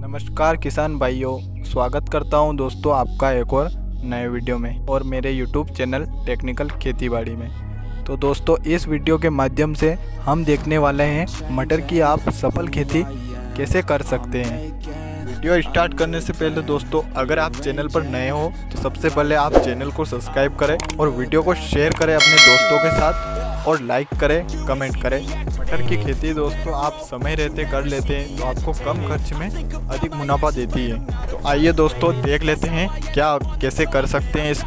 नमस्कार किसान भाइयों स्वागत करता हूं दोस्तों आपका एक और नए वीडियो में और मेरे यूट्यूब चैनल टेक्निकल खेतीबाड़ी में तो दोस्तों इस वीडियो के माध्यम से हम देखने वाले हैं मटर की आप सफल खेती कैसे कर सकते हैं वीडियो स्टार्ट करने से पहले दोस्तों अगर आप चैनल पर नए हो तो सबसे पहले आप चैनल को सब्सक्राइब करें और वीडियो को शेयर करें अपने दोस्तों के साथ और लाइक करें कमेंट करें मटर की खेती दोस्तों आप समय रहते कर लेते हैं तो आपको कम खर्च में अधिक मुनाफा देती है तो आइए दोस्तों देख लेते हैं क्या कैसे कर सकते हैं इस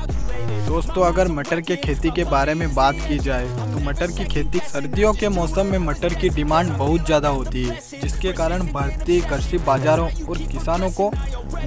दोस्तों अगर मटर के खेती के बारे में बात की जाए तो मटर की खेती सर्दियों के मौसम में मटर की डिमांड बहुत ज़्यादा होती है जिसके कारण भारतीय कृषि बाजारों और किसानों को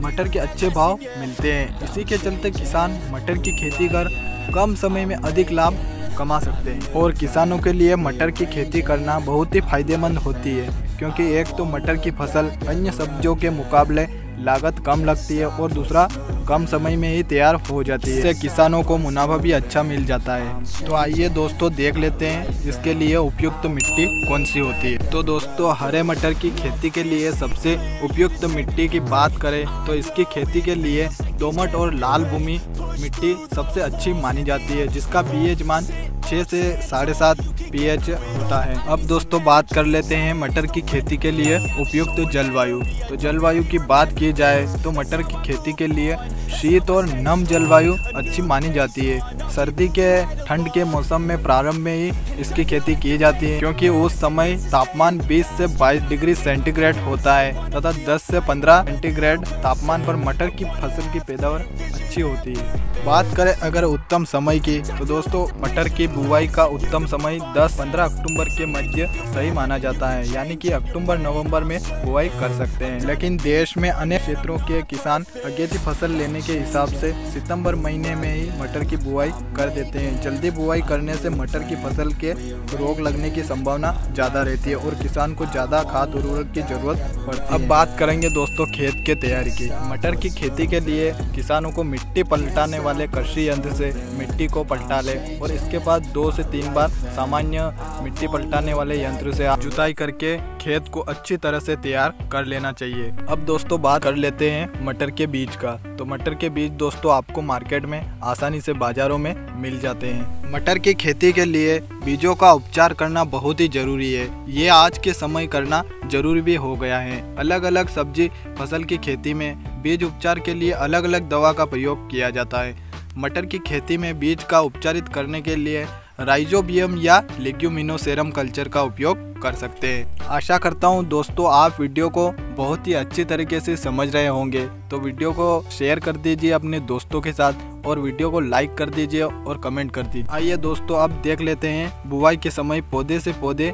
मटर के अच्छे भाव मिलते हैं इसी के चलते किसान मटर की खेती कर कम समय में अधिक लाभ कमा सकते हैं और किसानों के लिए मटर की खेती करना बहुत ही फायदेमंद होती है क्योंकि एक तो मटर की फसल अन्य सब्जियों के मुकाबले लागत कम लगती है और दूसरा कम समय में ही तैयार हो जाती है इससे किसानों को मुनाफा भी अच्छा मिल जाता है तो आइए दोस्तों देख लेते हैं इसके लिए उपयुक्त तो मिट्टी कौन सी होती है तो दोस्तों हरे मटर की खेती के लिए सबसे उपयुक्त तो मिट्टी की बात करें तो इसकी खेती के लिए दोमट और लाल भूमि मिट्टी सबसे अच्छी मानी जाती है जिसका पीएच मान छः से साढ़े सात पी होता है अब दोस्तों बात कर लेते हैं मटर की खेती के लिए उपयुक्त तो जलवायु तो जलवायु की बात की जाए तो मटर की खेती के लिए शीत और नम जलवायु अच्छी मानी जाती है सर्दी के ठंड के मौसम में प्रारंभ में ही इसकी खेती की जाती है क्योंकि उस समय तापमान 20 से 22 डिग्री सेंटीग्रेड होता है तथा 10 से 15 सेंटीग्रेड तापमान पर मटर की फसल की पैदावार अच्छी होती है बात करें अगर उत्तम समय की तो दोस्तों मटर की बुवाई का उत्तम समय 10-15 अक्टूबर के मध्य सही माना जाता है यानी कि अक्टूबर नवंबर में बुआई कर सकते हैं लेकिन देश में अनेक क्षेत्रों के किसान अगेती फसल लेने के हिसाब से सितंबर महीने में ही मटर की बुआई कर देते हैं जल्दी बुआई करने से मटर की फसल के रोग लगने की संभावना ज़्यादा रहती है और किसान को ज़्यादा खाद उर्वरक की जरूरत पड़ती अब बात करेंगे दोस्तों खेत के तैयारी की मटर की खेती के लिए किसानों को मिट्टी मिट्टी पलटाने वाले कृषि यंत्र से मिट्टी को पलटा ले और इसके बाद दो से तीन बार सामान्य मिट्टी पलटाने वाले यंत्र से आप जुताई करके खेत को अच्छी तरह से तैयार कर लेना चाहिए अब दोस्तों बात कर लेते हैं मटर के बीज का तो मटर के बीज दोस्तों आपको मार्केट में आसानी से बाज़ारों में मिल जाते हैं मटर की खेती के लिए बीजों का उपचार करना बहुत ही ज़रूरी है ये आज के समय करना जरूरी भी हो गया है अलग अलग सब्जी फसल की खेती में बीज उपचार के लिए अलग अलग दवा का प्रयोग किया जाता है मटर की खेती में बीज का उपचारित करने के लिए राइजोबियम या लेग्यूमिनोसेरम कल्चर का उपयोग कर सकते हैं आशा करता हूँ दोस्तों आप वीडियो को बहुत ही अच्छे तरीके से समझ रहे होंगे तो वीडियो को शेयर कर दीजिए अपने दोस्तों के साथ और वीडियो को लाइक कर दीजिए और कमेंट कर दीजिए आइए दोस्तों अब देख लेते हैं बुआई के समय पौधे से पौधे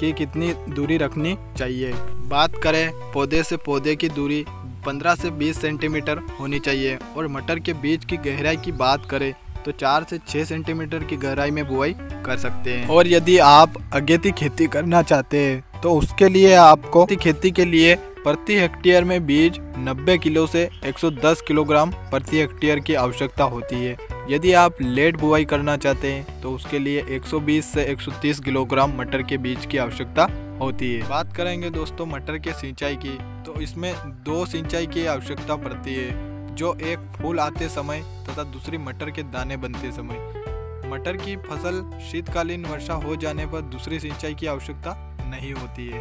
की कितनी दूरी रखनी चाहिए बात करें पौधे से पौधे की दूरी 15 से 20 सेंटीमीटर होनी चाहिए और मटर के बीज की गहराई की बात करें तो चार से छः सेंटीमीटर की गहराई में बुआई कर सकते हैं और यदि आप अगेती खेती करना चाहते हैं तो उसके लिए आपको खेती के लिए प्रति हेक्टेयर में बीज 90 किलो से 110 किलोग्राम प्रति हेक्टेयर की आवश्यकता होती है यदि आप लेट बुआई करना चाहते हैं तो उसके लिए 120 से 130 किलोग्राम मटर के बीज की आवश्यकता होती है बात करेंगे दोस्तों मटर के सिंचाई की तो इसमें दो सिंचाई की आवश्यकता पड़ती है जो एक फूल आते समय तथा दूसरी मटर के दाने बनते समय मटर की फसल शीतकालीन वर्षा हो जाने पर दूसरी सिंचाई की आवश्यकता नहीं होती है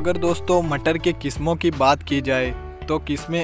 अगर दोस्तों मटर के किस्मों की बात की जाए तो किस्में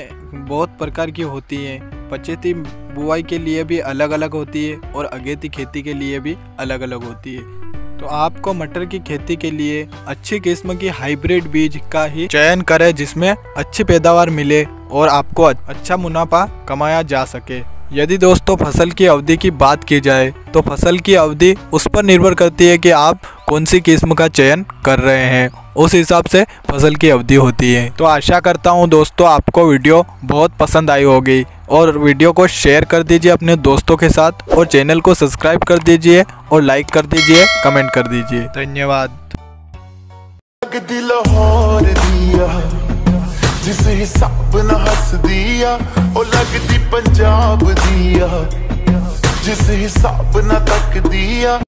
बहुत प्रकार की होती हैं पचेती बुआई के लिए भी अलग अलग होती है और अगेती खेती के लिए भी अलग अलग होती है तो आपको मटर की खेती के लिए अच्छी किस्म की हाइब्रिड बीज का ही चयन करें जिसमें अच्छी पैदावार मिले और आपको अच्छा मुनाफा कमाया जा सके यदि दोस्तों फसल की अवधि की बात की जाए तो फसल की अवधि उस पर निर्भर करती है कि आप कौन सी किस्म का चयन कर रहे हैं उस हिसाब से फसल की अवधि होती है तो आशा करता हूँ दोस्तों आपको वीडियो बहुत पसंद आई होगी और वीडियो को शेयर कर दीजिए अपने दोस्तों के साथ और चैनल को सब्सक्राइब कर दीजिए और लाइक कर दीजिए कमेंट कर दीजिए धन्यवाद दिल दिया जिस हिसाब न दिया पंजाब दिया हिसाब न तक दिया